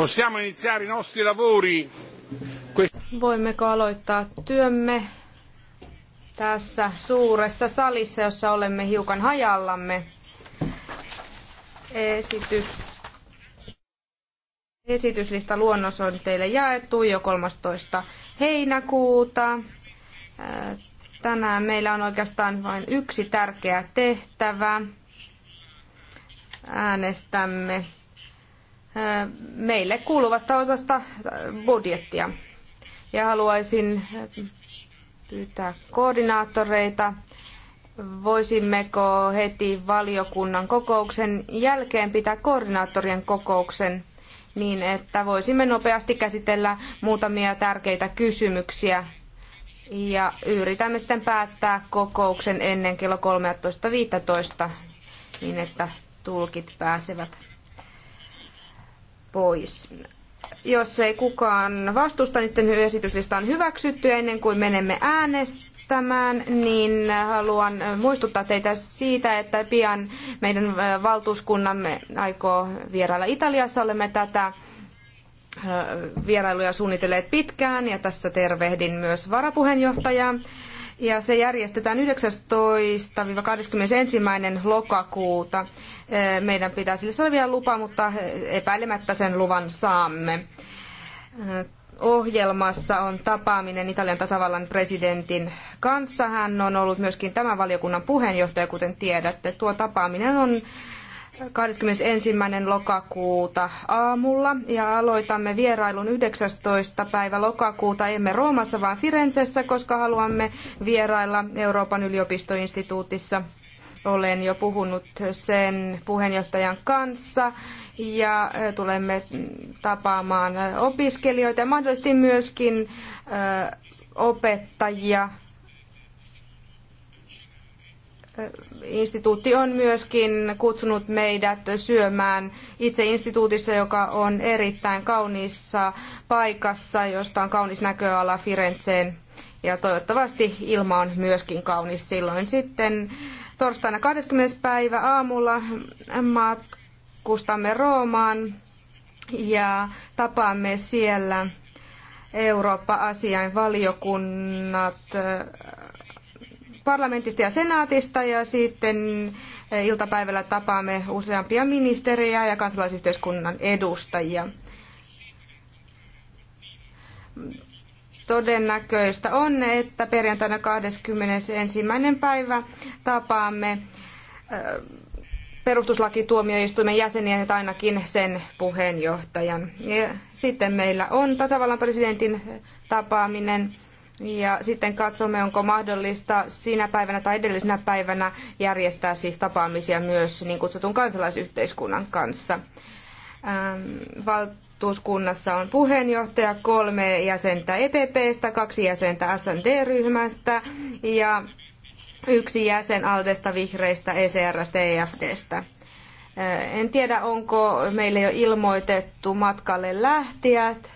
Possiamo iniziare i nostri lavori. Voimmeko aloittaa työmme tässä suuressa salissa, jossa olemme hiukan hajallamme. Esitys Esityslista luonnos on teille jaettu jo 13. heinäkuuta. Tänään meillä on oikeastaan vain yksi tärkeä tehtävä. Äänestämme meille kuuluvasta osasta budjettia. Ja haluaisin pyytää koordinaattoreita, voisimmeko heti valiokunnan kokouksen jälkeen pitää koordinaattorien kokouksen niin, että voisimme nopeasti käsitellä muutamia tärkeitä kysymyksiä ja yritämme sitten päättää kokouksen ennen kello 13.15 niin, että tulkit pääsevät pois. Jos ei kukaan vastusta, niin sitten esityslista on hyväksytty ja ennen kuin menemme äänestämään, niin haluan muistuttaa teitä siitä, että pian meidän äh, valtuuskunnamme aikoo vierailla Italiassa. Olemme tätä äh, vierailuja suunnitelleet pitkään ja tässä tervehdin myös varapuheenjohtajaa ja se järjestetään 19-21. lokakuuta. Eh, meidän pitää sille saada vielä lupa, mutta eh, epäilemättä sen luvan saamme. Eh, ohjelmassa on tapaaminen Italian tasavallan presidentin kanssa. Hän on ollut myöskin tämän valiokunnan puheenjohtaja, kuten tiedätte. Tuo tapaaminen on 21. lokakuuta aamulla ja aloitamme vierailun 19. päivä lokakuuta, emme Roomassa vaan Firenzessä, koska haluamme vierailla Euroopan yliopistoinstituutissa. Olen jo puhunut sen puheenjohtajan kanssa ja tulemme tapaamaan opiskelijoita ja mahdollisesti myöskin opettajia instituutti on myöskin kutsunut meidät syömään itse instituutissa, joka on erittäin kauniissa paikassa, josta on kaunis näköala Firenzeen. Ja toivottavasti ilma on myöskin kaunis silloin sitten. Torstaina 20. päivä aamulla matkustamme Roomaan ja tapaamme siellä Eurooppa-asiain valiokunnat parlamentista ja senaatista ja sitten eh, iltapäivällä tapaamme useampia ministeriä ja kansalaisyhteiskunnan edustajia. Todennäköistä on, että perjantaina 21. päivä tapaamme eh, perustuslakituomioistuimen jäseniä, ja ainakin sen puheenjohtajan. Ja sitten meillä on tasavallan presidentin tapaaminen ja sitten katsomme, onko mahdollista sinä päivänä tai edellisenä päivänä järjestää siis tapaamisia myös niin kutsutun kansalaisyhteiskunnan kanssa. Ähm, valtuuskunnassa on puheenjohtaja, kolme jäsentä EPPstä, kaksi jäsentä SND-ryhmästä ja yksi jäsen Aldesta, Vihreistä, ECRstä ja EFDstä. En tiedä, onko meille jo ilmoitettu matkalle lähtijät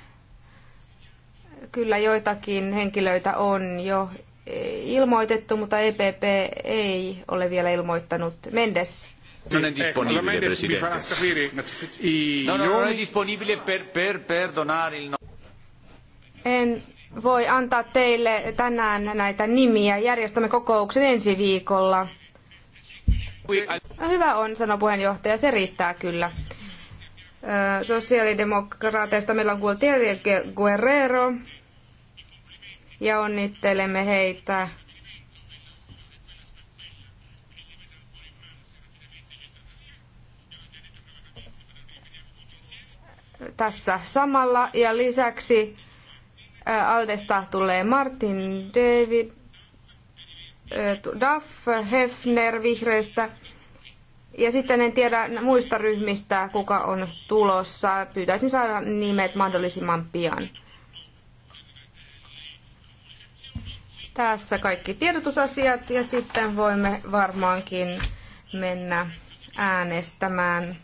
kyllä joitakin henkilöitä on jo eh, ilmoitettu, mutta EPP ei ole vielä ilmoittanut. Mendes. Non è disponibile, ecco, Mendes no, no, non è disponibile per, per, per il no- En voi antaa teille tänään näitä nimiä. Järjestämme kokouksen ensi viikolla. hyvä on, sanoi puheenjohtaja. Se riittää kyllä sosiaalidemokraateista meillä on kuultu Guerrero, ja onnittelemme heitä tässä samalla. Ja lisäksi äh, Aldesta tulee Martin David, äh, Duff, Hefner vihreistä. Ja sitten en tiedä muista ryhmistä, kuka on tulossa. Pyytäisin saada nimet mahdollisimman pian. Tässä kaikki tiedotusasiat ja sitten voimme varmaankin mennä äänestämään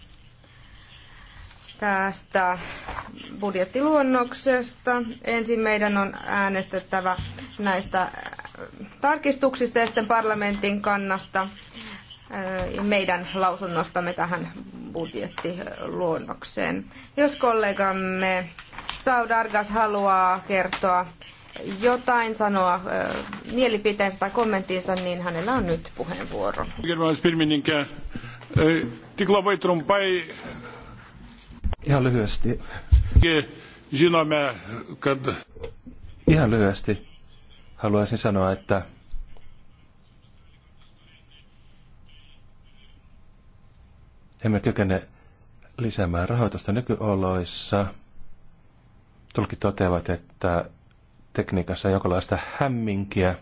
tästä budjettiluonnoksesta. Ensin meidän on äänestettävä näistä tarkistuksista ja sitten parlamentin kannasta äh, meidän lausunnostamme tähän budjettiluonnokseen. Jos kollegamme Saudargas haluaa kertoa jotain sanoa mielipiteensä tai kommenttinsa, niin hänellä on nyt puheenvuoro. E, Ihan lyhyesti. Ihan lyhyesti haluaisin sanoa, että emme kykene lisäämään rahoitusta nykyoloissa. Tulkit toteavat, että tekniikassa jonkinlaista hämminkiä.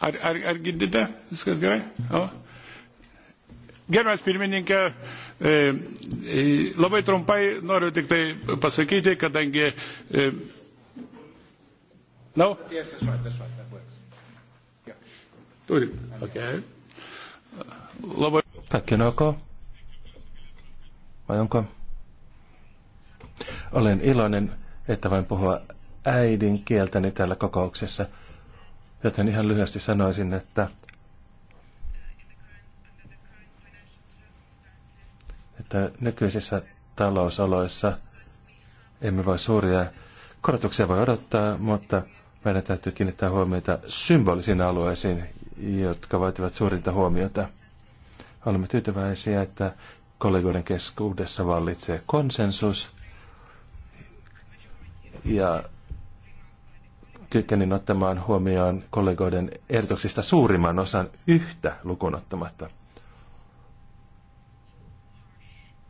Ar, ar, ar girdite, viskas gerai? O. Gerbiamas pirmininkė, e, e, labai trumpai noriu tik tai pasakyti, kadangi. Na? E, no? Yes, that's right, that's Turi. Okay. Labai. Pakinoko. Vai onko? Olen iloinen, että voin puhua äidin kieltäni täällä kokouksessa, joten ihan lyhyesti sanoisin, että että nykyisissä talousoloissa emme voi suuria korotuksia voi odottaa, mutta meidän täytyy kiinnittää huomiota symbolisiin alueisiin, jotka vaativat suurinta huomiota. Olemme tyytyväisiä, että kollegoiden keskuudessa vallitsee konsensus ja kykenin ottamaan huomioon kollegoiden ehdotuksista suurimman osan yhtä lukunottamatta,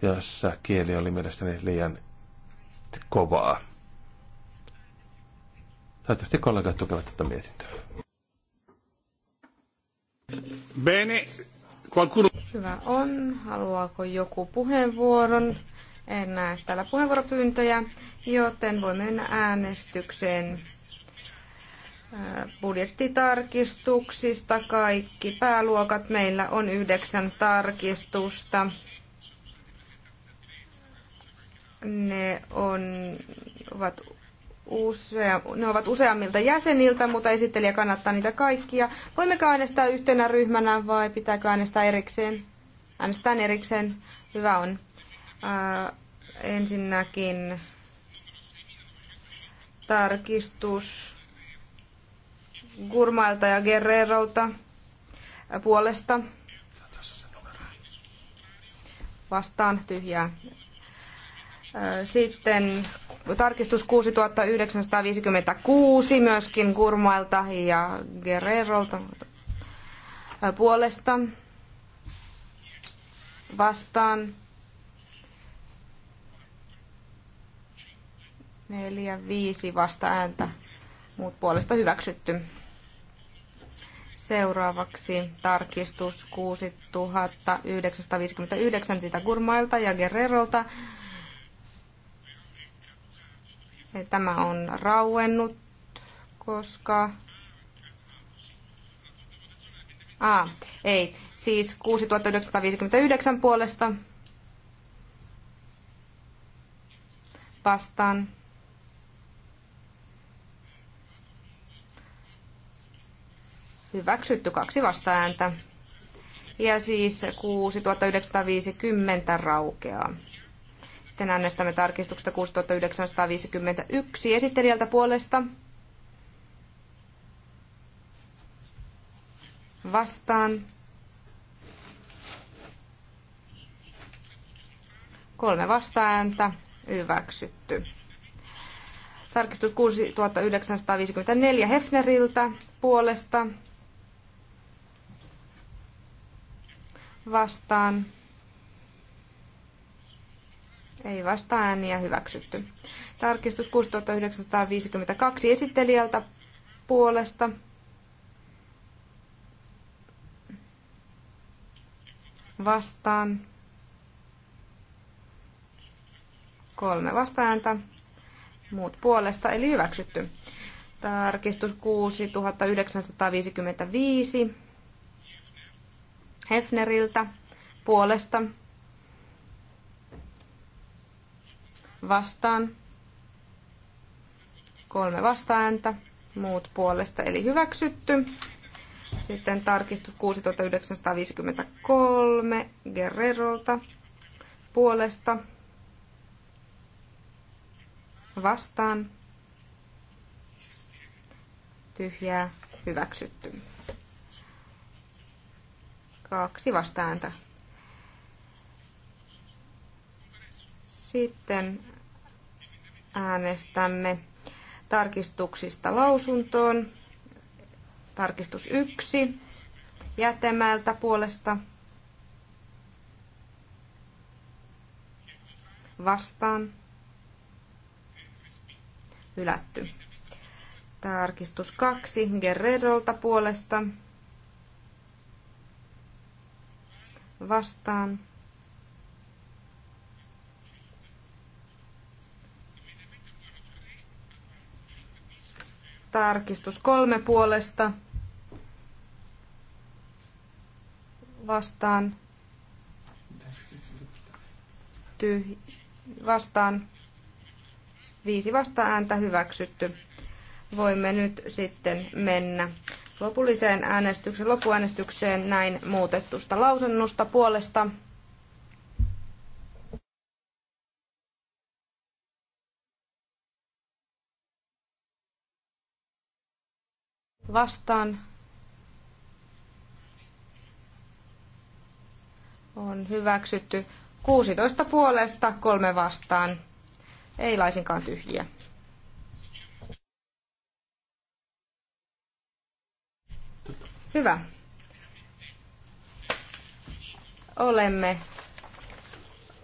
jossa kieli oli mielestäni liian kovaa. Toivottavasti kollegat tukevat tätä mietintöä. Bene. Qualcuno... Hyvä on. Haluaako joku puheenvuoron? En näe täällä puheenvuoropyyntöjä, joten voimme mennä äänestykseen. Äh, budjettitarkistuksista kaikki pääluokat. Meillä on yhdeksän tarkistusta. Ne on, ovat usea, ne ovat useammilta jäseniltä, mutta esittelijä kannattaa niitä kaikkia. Voimmeko äänestää yhtenä ryhmänä vai pitääkö äänestää erikseen? Äänestetään erikseen. Hyvä on. Ää, äh, ensinnäkin tarkistus Gurmailta ja Guerrerolta puolesta. Vastaan tyhjää Äh, sitten tarkistus 6956 myöskin Gurmailta ja Guerrerolta äh, puolesta vastaan. Neljä, viisi vasta ääntä. Muut puolesta hyväksytty. Seuraavaksi tarkistus 6959 sitä Gurmailta ja Guerrerolta Tämä on rauennut, koska... Ah, ei. Siis 6959 puolesta vastaan. Hyväksytty kaksi vastaääntä. Ja siis 6950 raukeaa. Sitten äänestämme tarkistuksesta 6951 esittelijältä puolesta. Vastaan. Kolme vastaääntä. Hyväksytty. Tarkistus 6954 Hefneriltä puolesta. Vastaan. Ei vasta ääniä hyväksytty. Tarkistus 6952 esittelijältä puolesta. Vastaan. Kolme vastaääntä. Muut puolesta, eli hyväksytty. Tarkistus 6955 Hefneriltä puolesta vastaan. Kolme vastaääntä, muut puolesta, eli hyväksytty. Sitten tarkistus 6953 Guerrerolta puolesta vastaan tyhjää hyväksytty. Kaksi vastaääntä. Sitten äänestämme tarkistuksista lausuntoon. Tarkistus 1 jätemältä puolesta vastaan hylätty. Tarkistus 2 Guerrerolta puolesta vastaan Tarkistus kolme puolesta. Vastaan. Tyhj- vastaan. Viisi vasta ääntä hyväksytty. Voimme nyt sitten mennä lopulliseen äänestykseen, lopuäänestykseen näin muutettusta lausunnosta puolesta vastaan. On hyväksytty 16 puolesta, kolme vastaan. Ei laisinkaan tyhjiä. Hyvä. Olemme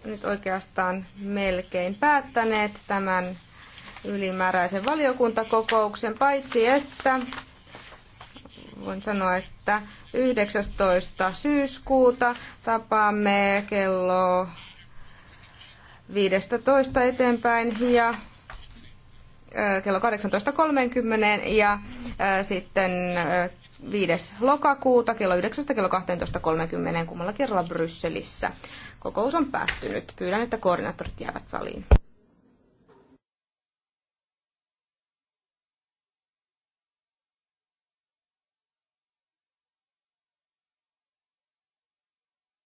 nyt oikeastaan melkein päättäneet tämän ylimääräisen valiokuntakokouksen, paitsi että voin sanoa, että 19. syyskuuta tapaamme kello 15 eteenpäin ja kello 18.30 ja sitten 5. lokakuuta kello 9 kello 12.30 kummalla kerralla Brysselissä. Kokous on päättynyt. Pyydän, että koordinaattorit jäävät saliin.